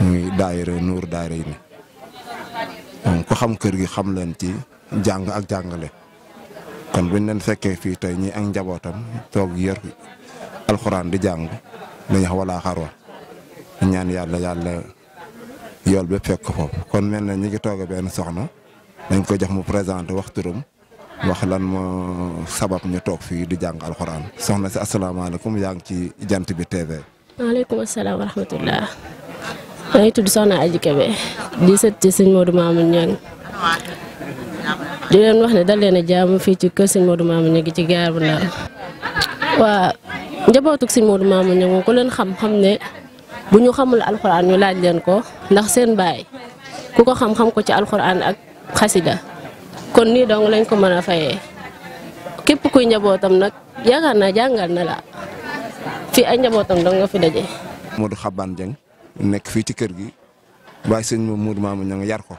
muy daayira nuur daayira yi ni ku xam kër gi xam leen ci jàng ak jàngale kon buñ leen fekkee fii tey ñi ak njabootam toog yër alxuraan di jàng dañu wax wala xarwa ñaan yàlla yàlla yool bépp fekk foofu kon mel na ñi ngi toog benn soxna dañ ko jox mu présenté wax turam wax lan moo sabab ñu toog fii di jàng alxuraan soxna si asalaamaaleykum yaa ngi ci jant bi TV. maaleykum salaam wa rahmatullah maa ngi tudd aja Aji Kebe di set ci sëñ Modou di leen wax ne dal leen a fi fii ci kër sëñ Modou Mamoun Niang gi ci gaar bu Ndar waa njabootug sëñ Modou xam xam ne bu ñu xamul alxuraan ñu laaj leen ko ndax seen bay. ku ko xam-xam ko ci ak xasida kon ni dong lañ ko mën a fayee képp kuy njabootam nag yaakaar kan, aja jàngal na la fi ay njabootam dong nga fi daje. Modou Xabane jeng. nekk fii ci kër gi waaye sëñ ma muur maamu ña yar ko.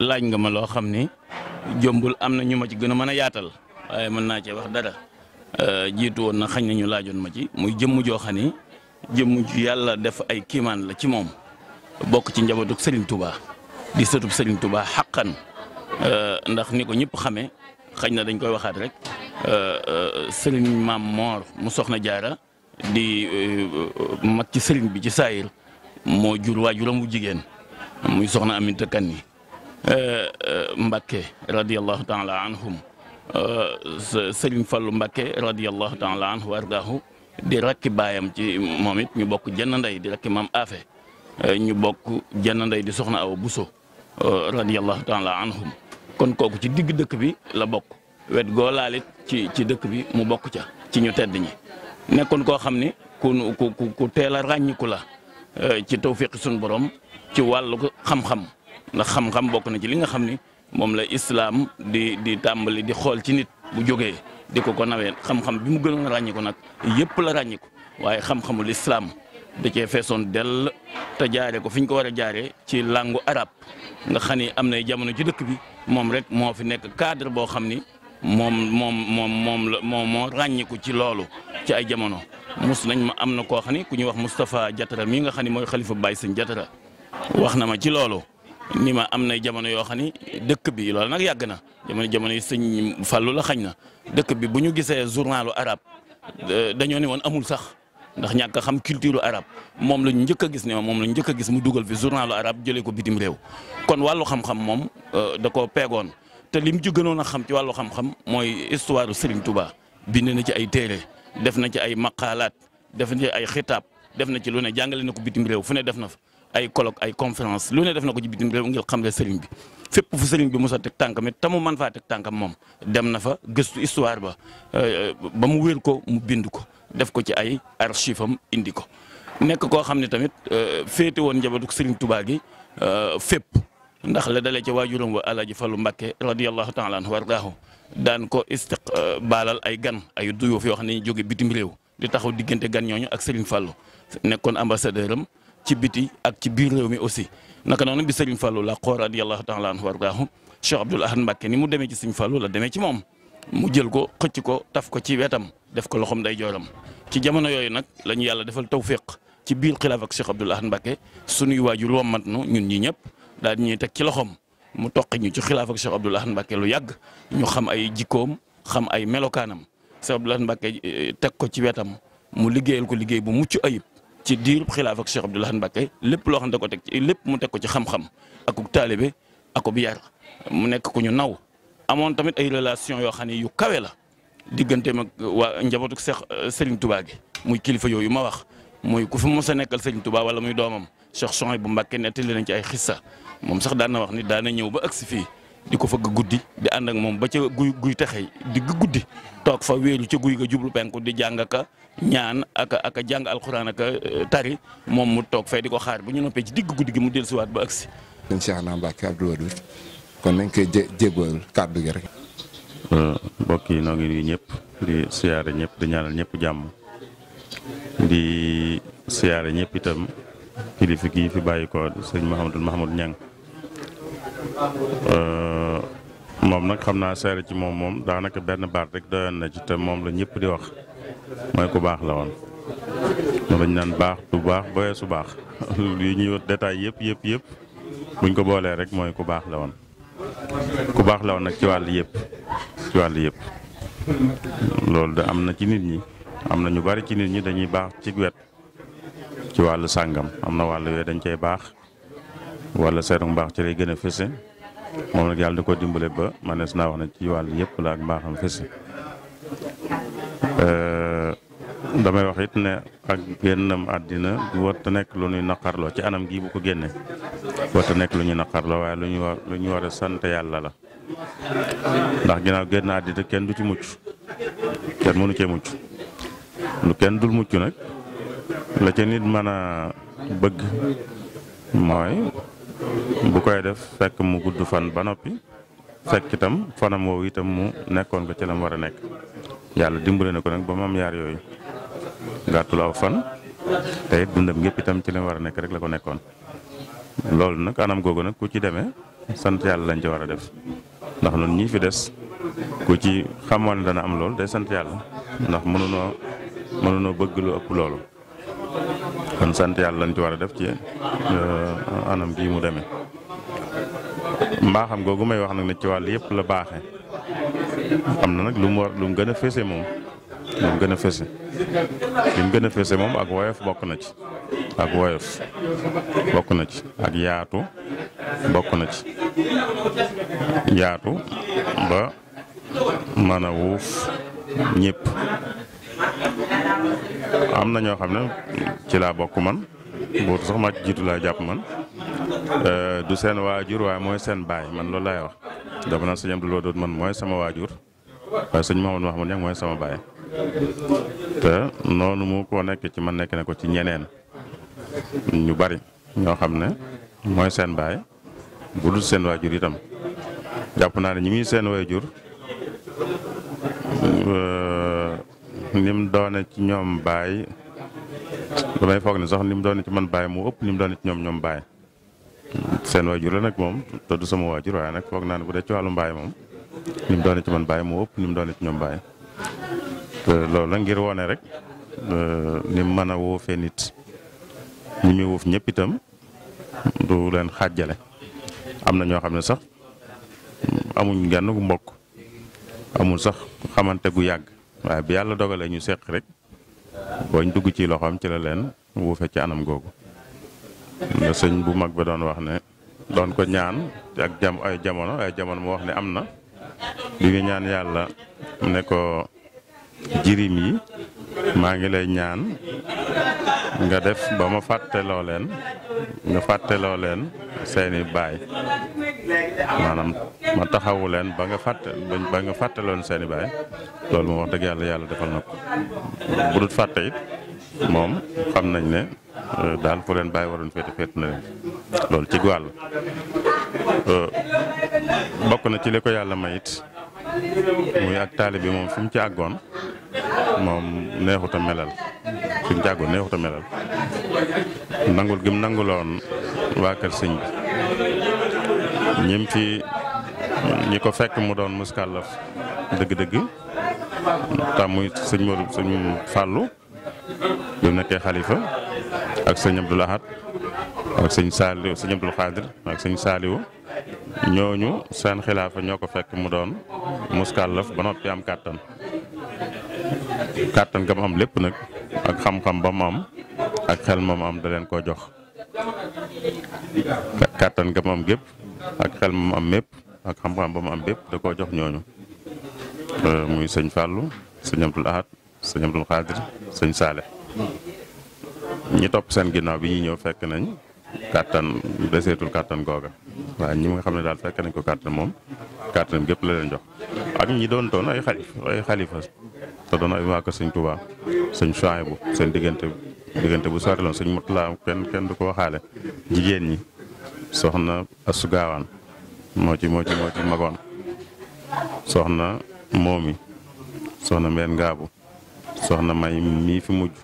laaj nga ma loo xam ni jombul am na ñu ma ci gën a mën a yaatal waaye mën naa cee wax dara euh, jiitu woon na xañ na ñu laajoon ma ci muy jëmm joo xam ni jëmm yàlla def ay kiimaan la ci moom bokk ci njabootug Serigne Touba di sëtub Serigne Touba xaqan euh, ndax ni ko ñëpp xamee xañ na dañ koy waxaat rek euh, Serigne maam Mor mu soxna jaara di mag ci sëriñ bi ci saayir moo jur waajuram bu jigéen muy soxna Aminta Kanni eh, eh, Mbacke radiyallahu taala anhum eh, Serigne Fallou Mbacke radiyallahu taala anhu di rakki baayam ci moom it ñu bokk jenn ndey di rakki maam Afe ñu bokk jenn ndey di soxna Awa Buso radiyallahu taala anhum kon kooku ci digg dëkk bi la bokk wet goo laalit ci ci dëkk bi mu bokk ca ci ñu tedd ñi nekkoon koo xam ne ku ku ku la. Euh, ci tawfiq sunu borom ci wàllu xam-xam ndax xam-xam bokk na ci li nga xam ni moom la islaam di di tàmbali di xool ci nit bu jógee di ko ko nawee xam-xam bi mu gënoon a ràññiku nag yëpp la ràññiku waaye xam-xamul islaam da cee feesoon dell te jaaree ko fi ko war a jaaree ci langue arab nga xam ni am nay jamono ci dëkk bi moom rek moo fi nekk cadre boo xam ni moom moom moom moom la moom moo ràññiku ci loolu ci ay jamono mus nañ ma am na ko xam ku ñuy wax Moustapha Diatara mii nga xam ne mooy xalifa Baye Sëñ Diatara wax na ma ci loolu ni ma am nay jamono yoo xam ni dëkk bi loolu nag yàgg na jamono jamono yi sëñ Fallou la xañ na dëkk bi bu ñu gisee journalu arab dañoo ne woon amul sax ndax ñàkk xam culture arab moom lañ njëkk a gis ne moom lañ njëkk a gis mu dugal fi journalu arab jëlee ko bitim réew kon wàllu xam-xam moom euh, da koo peegoon te lim ci a xam ci wàllu xam-xam mooy histoire Serigne Touba bind na ci ay téere def na ci ay maqaalaat def na ci ay xitaab def na ci lu ne jàngale na ko bitim réew fu ne def na fa ay colloque ay conférence lu ne def na ko ci bitim réew ngir xam le Serigne bi fépp fu Serigne bi mos a teg tànkam it te mu man faa teg tànkam moom dem na fa gëstu histoire ba euh, ba mu wér ko mu bind ko def ko ci ay archive am indi ko nekk koo xam ne tamit euh, féete woon njabootu Serigne Touba gi euh, fépp. ndax la dalee ci waajuram wa alaaji Fallu Mbàkke radiyallahu taala anhu wardaahu daan ko istiqbaalal euh, ay gan ay duyo yoo xam ne ñu jóge bitim réew di taxaw diggante gan ñooñu ak Serigne Fallou nekkoon ambassadeur am ci biti ak ci biir réew mi aussi naka noonu bi Serigne Fallou la xool radiyallahu taala anhu wardaahu Cheikh Abdoul Ahad Mbàkke ni mu demee ci Serigne Fallou la demee ci moom mu jël ko xëcc ko taf ko ci wetam def ko loxom day jooram ci jamono yooyu nag la yàlla defal tawfiq ci biir xilaaf ak Cheikh Abdoul Ahad Mbàkke sunuy waajur wommat nu ñun ñi ñëpp daal di ñuy teg ci loxoom mu toqi ñu ci xilaaf ak Cheikh Abdoul Ahad lu yàgg ñu xam ay jikkoom xam ay melokaanam Cheikh Abdoul Ahad Mbacké eh, teg ko ci wetam mu liggéeyal ko liggéey bu mucc ayib ci diirub xilaaf ak Cheikh Abdoul Ahad Mbacké lépp loo xam da ko teg ci lépp mu teg ko ci xam-xam akub taalibe akub yar mu nekk ku ñu naw amoon tamit ay relation yoo xam ne yu kawe la digganteem ak waa njabootu Cheikh eh, Serigne Touba gi muy kilifa yooyu ma wax muy ku fi mos a nekkal Serigne Touba wala muy doomam Cheikh Chouaïb bu mbacke nettali nañ ci ay xissa mom sax daan na wax ni daan na ñëw ba aksi fi di fa fëgg guddi di and ak mom ba ca guuy guuy taxay di guddii tok fa wéeru ca guuy ga jublu penku di jang ka ñaan ak ak jang jàng ak euh, tari mom mu tok fee di xaar bu ñu noppé ci digg guddii gi mu dellusiwaat ba aksi ñu Cheikh na mbacke Abdou wadou kon nañ koy jé kaddu gi rek. euh bokki no ngi ñepp di siyaare ñepp di ñaanal ñepp jamm di siyaare ñepp itam. kilifa gii fi bàyyi ko sëñ Mouhamadul Mahmoud Niang euh, moom nag xam naa seere ci moom moom daanaka benn baat rek doyoon na ci te moom la ñëpp di wax mooy ku baax la woon. moom naan baax du baax su baax li ñuy wax détail yëpp yëpp yëpp buñ ko boolee rek mooy ku baax la woon ku baax la woon nag ci wàll yëpp ci wàll yëpp. loolu de am na ci nit ñi am na ñu bari ci nit ñi dañuy baax ci wet ci wàllu sàngam am na wàllu yooyu dañ cay baax wala seetu mbaax ci lay gën a fese moom nag yàlla di ko dimbale ba manees naa wax ne ci wàll yëpp la ak mbaaxam fese euh, damay wax it ne ak génnam àddina warta nekk lu nuy naqarloo ci anam gi bu ko génne warta nekk lu ñuy naqarloo waaye lu ñu war lu war sant yàlla la ndax ginnaaw génn àddina kenn du ci mucc kenn mënu cee mucc lu kenn dul mucc nag la ca nit mën a bëgg mooy bu koy def fekk mu gudd fan ba noppi fekk itam fanam woowu itam mu nekkoon ko ci la mu war a nekk yàlla dimbale na ko nag ba mu am yaar yooyu gàttulaaw fan te it dundam gépp itam ci lam mu war a nekk rek la ko nekkoon loolu nag anam googu nag ku ci demee sant yàlla lañ ci war a def ndax noonu ñii fi des ku ci xamoon ne dana am loolu day sant yàlla ndax mënunoo mënunoo bëgg lu ëpp loolu kon sant yàlla lañ ci war a def ci euh, anam gii mu demee mbaaxam googu may wax nag ne ci wàll yëpp la baaxe am na nag lu mu war lu mu gën a fese moom lu mu gën a fese li mu gën a fese moom ak woyof bokk na ci ak woyof bokk na ci ak yaatu bokk na ci yaatu ba mën a wuuf ñëpp am na ñoo xam ne ci laa bokk man boobu sax ma jiitu laa jàpp man euh, du seen waajur waaye mooy seen baay man loolu laay wax dama naan sëñ Abdoulaye doon man mooy sama waajur waaye sëñ Mouhamadou Mouhamadou Niang mooy sama baay noonu mu ko nekk ci man nekk na ko ci ñeneen ñu bari ñoo xam ne mooy seen baay bu dul seen waajur itam jàpp naa ne ñi muy seen waajur euh, ni mu doone ci ñoom baay damay foog ne sax ni mu doone ci man baay moo ëpp ni mu doone ci ñoom ñoom baay seen waajur la nag moom te du sama waajur waaye nag foog naa ne bu dee ci wàllu mbaay moom ni mu doone ci man baay moo ëpp ni mu doone ci ñoom baay te loolu ngir wone rek euh, ni mu mën a woofee nit mu muy woof ñëpp itam du leen xàjjale am na ñoo xam ne sax amuñ gànn gu mbokk amul sax xamante gu yàgg. waaye bi yàlla dogalee ñu seq rek bañ dugg ci loxoom ci la leen wuufe ci anam googu nga sëñ bu mag ba doon wax ne doon ko ñaan ak jam ay jamono ay jamono mu wax ne am na bi nga ñaan yàlla ne ko jirim yi maa ngi lay ñaan nga def boo ma fàtteloo leen nga fàtteloo leen seeni baay maanaam ma taxawu leen ba nga fàtte ba nga fàttaloon seen baay loolu moo wax dëgg yàlla yàlla defal na ko bu dul fàtte it moom xam nañ ne euh, daal fu leen bàyyi waroon féete féet na leen loolu ci wàll euh, bokk na ci li ko yàlla mayit muy ak taali bi moom fi ci àggoon moom neexut a melal fi mu ci àggoon neexut a melal nangul gi nanguloon waa kër sëñ bi ñim fi ñi ko fekk mu doon muskàllaf dëgg-dëgg tam muy sëñ fàllu sëñ nekkee xalifa ak sëñ Abdou Lahad ak sëñ Saliou sëñ Abdou Khadir ak sëñ Saliou ñooñu seen xilaafa ñoo ko fekk mu doon muskàllaf ba noppi am kàttan kàttan ga mu am lépp nag ak xam-xam ba mu am ak xel ma mu am da leen koo jox kàttan ga mu am gépp ak xel ma mu am mépp ak xam-xam ba mu am bépp da koo jox ñooñu euh, muy sëñ Fallou sëñ Abdoul Ahad sëñ Abdoul Khadir sëñ Saleh ñi topp seen ginnaaw bi ñuy ñëw fekk nañ kàttan deseetul kàttan googa waaye ñi nga xam ne daal fekk nañ ko kàttan moom kàttan gépp la leen jox ak ñi doon toon ay xalif xalifa te doon ay waa ko sëñ Touba sëñ Chouaïbou seen diggante diggante bu sori loon sëñ Moutala laa kenn du ko waxaale jigéen ñi soxna Assou Gawane moo ci moo ci moo ci magoon soxna moomi soxna mbeen ngaabu soxna may mii fi mujj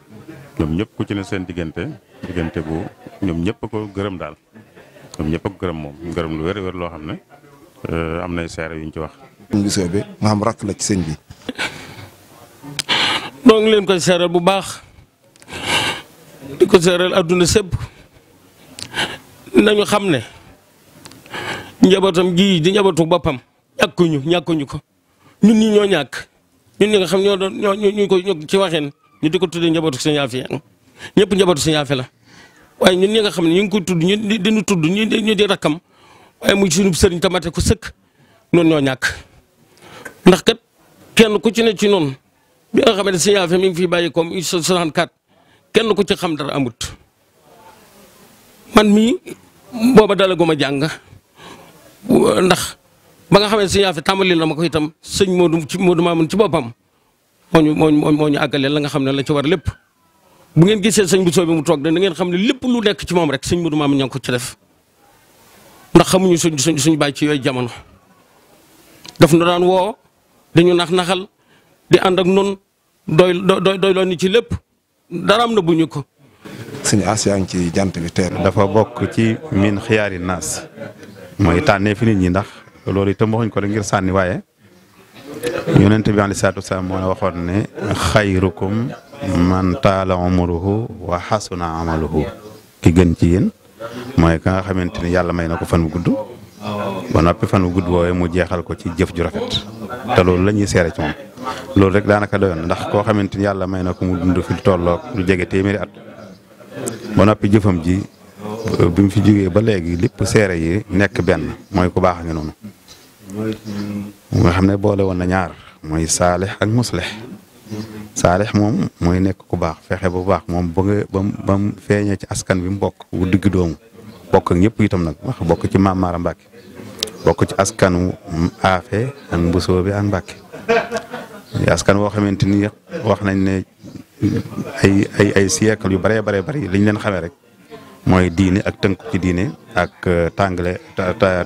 ñoom ñëpp ku ci ne seen diggante diggante bu ñoom ñëpp ko gërëm daal ñoom ñëpp a ko gërëm moom gërëm lu wér wér loo xam ne euh, am nay seere yu ñu ci wax. Moussa bi maam rakk la ci sëñ bi. noo ngi leen koy seeral bu baax di ko seeral adduna sépp nañu xam ne. njabootam gii di njabootu boppam ñàkkuñu ñàkkuñu ko ñun ñi ñoo ñàkk ñun ñi nga xam ñoo doon ñoo ñu ko ci waxeen ñu di ko tuddee njabootu sëñ Afia ñëpp njabootu sëñ Afia la waaye ñun ñi nga xam ne ñu ngi koy tudd ñu di ñu tudd ñu di rakkam waaye muy suñu sëriñ tamate ko sëkk noonu ñoo ñàkk ndax kat kenn ku ci ne ci noonu bi nga xam ne sëñ Afia mi ngi fi bàyyi koom 64 kenn ku ci xam dara amut man mii booba dalaguma jàng ndax ba nga xamé sëñ yafi tàmbalil na mako itam sëñ Modou ci Modou Mamoun ci bopam moñu moñu moñu agalé la nga xamné la ci war lepp bu ngeen gisee sëñ bu soobi mu tok da ngeen xamné lepp lu nek ci mom rek sëñ Modou Mamoun ñang ko ci def ndax xamuñu suñ suñ suñ bay ci yoy jamono daf na daan wo dañu nax naxal di and ak nun doy doy doy lo ni ci lepp daram na buñu ko. sëñ asiyang ci jant bi teel. dafa bok ci min khiyari nas mooy tànnee fi nit ñi ndax loolu itam waxuñ ko la ngir sànni waaye yonent bi aleyhi salaatu wasalaam moo la waxoon ne xayrukum man taala umruhu wa xasuna amaluhu ki gën ci yéen mooy ka nga xamante ni yàlla may na ko fan wu gudd ba noppi fan wu gudd woowee mu jeexal ko ci jëf ju rafet te loolu lañuy ñuy seere ci moom loolu rek daanaka doyoon ndax koo xamante ni yàlla may na ko mu dund fi lu tolloog lu jege téeméeri at ba noppi jëfam ji Euh, bi mu fi jógee ba léegi lépp seere yi nekk benn mooy ku baax ngi noonu nga xam ne boole woon na ñaar mooy saalix ak muslix saalix moom mooy nekk ku baax fexe ba baax moom ba nga feeñee ci askan bi mu bokk bu digg doomu bokk ak ñëpp itam nag wax bokk ci maamaar Mara Mbàkke bokk ci askanu aafe ak mbusoo bi ak Mbàkke askan woo xamante ni wax nañ ne ay ay ay siècle yu bare bare bari lañ leen xamee rek mooy diine ak tënk ci diine ak euh, tàngale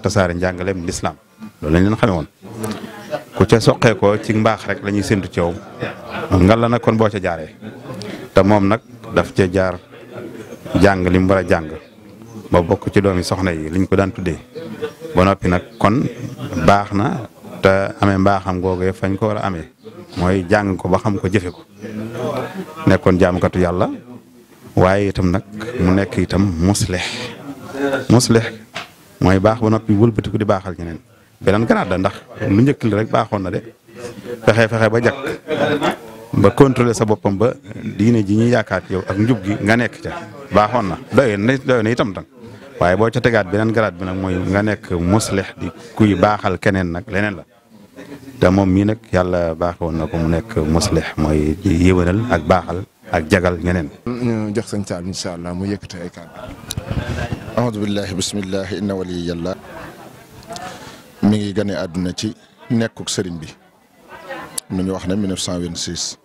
tasaare njàngaleem lislaam loolu lañ leen xamee woon ku ca soqee ko ci mbaax rek lañuy ñuy séntu ci yow ngal la nag kon boo ca jaare te moom nag daf ca jaar jàng li mu war a jàng ba bokk ci doomi soxna yi liñ ko daan tuddee ba noppi nag kon baax na te amee mbaaxam googee fañ ko war a amee mooy jàng ko ba xam ko jëfe ko nekkoon jaamukatu yàlla waaye itam nag mu nekk itam muslix muslix mooy baax ba noppi wëlbatiku di baaxal ñeneen beneen garaat da ndax lu njëkk li rek baaxoon na de fexe fexe ba jàkk ba contrôler sa boppam ba diine ji ñuy yaakaar yow ak njub gi nga nekk ca baaxoon na doy itam tam waaye boo ca tegaat beneen garaat bi nag mooy nga nekk muslix di kuy baaxal keneen nag leneen la te moom mii nag yàlla baaxoon na ko mu nekk muslix mooy yéwénal ak baaxal ak jagal ñeneen jox sëñ Saal incha mu yëkkati ay kàddu ahadu billahi bismillahi inna wali yàlla mi ngi gane àdduna ci nekk sëriñ bi am na ñu wax ne 1926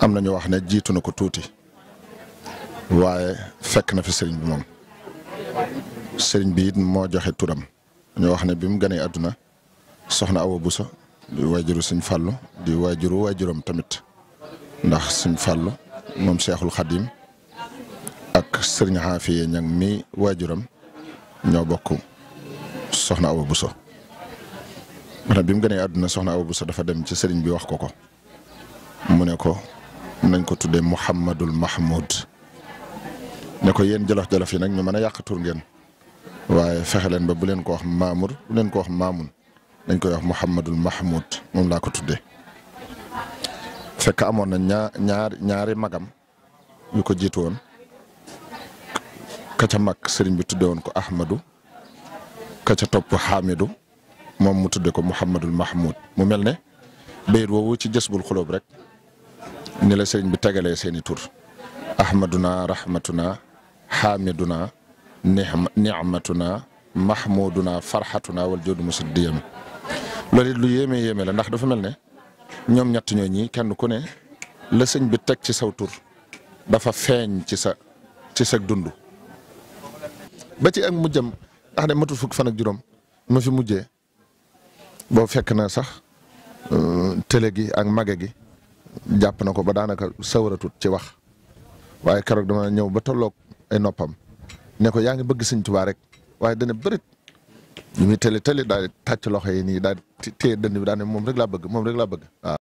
am na ñu wax ne jiitu na ko tuuti waaye fekk na fi sëriñ bi moom sëriñ bi it moo joxe turam ñu wax ne bi mu ganee àdduna soxna Awa Buso di waajuru sëñ Fàllu di waajuru waajuram tamit ndax suñ fàllu moom Cheikhul Khadim ak sëriñ Xaafiye ñang mi waajuram ñoo bokk soxna Awa Bousso maanaam bi mu gënee àdduna soxna Awa Bousso dafa dem ci sëriñ bi wax ko ko mu ne ko nañ ko tuddee Mouhamadul Mahmoud ne ko yeen jolof-jolof yi nag ñu mën a yàq tur ngeen waaye fexe leen ba bu leen ko wax Mamour bu leen ko wax Mamoun dañ koy wax Mouhamadul Mahmoud moom laa ko tuddee. fekk amoon na ñaar ñaari ñaari magam yu ko jiitu woon ka ca mag sëriñ bi tudde woon ko Ahmadu ka ca topp Hamidou moom mu tudde ko Mouhamadul Mahmoud mu mel ne bayit woowu ci jës bul rek ni la sëriñ bi tegalee seeni tur ahmaduna rahmatuna hamiduna ni'matuna mahmuduna farhatuna wal joodu musaddiyam loolu it lu yéeme yéeme la ndax dafa mel ne ñoom ñett ñoo ñi kenn ku ne la sëñ bi teg ci saw tur dafa feeñ ci sa ci sa dund ba ci ak mujjam ndax ne matul fukk fan juróom ma fi mujjee boo fekk na sax euh, télé gi ak mage gi jàpp na ko ba daanaka sawaratut ci wax waaye keroog dama ñëw ba tollook ay noppam nekko ko yaa ngi bëgg sëñ Tuubaa rek waaye dana bërit bi muy tële tële daal di tàcc loxo yi nii daal di téye dënd bi daal moom rek laa bëgg moom rek laa bëgg waaw.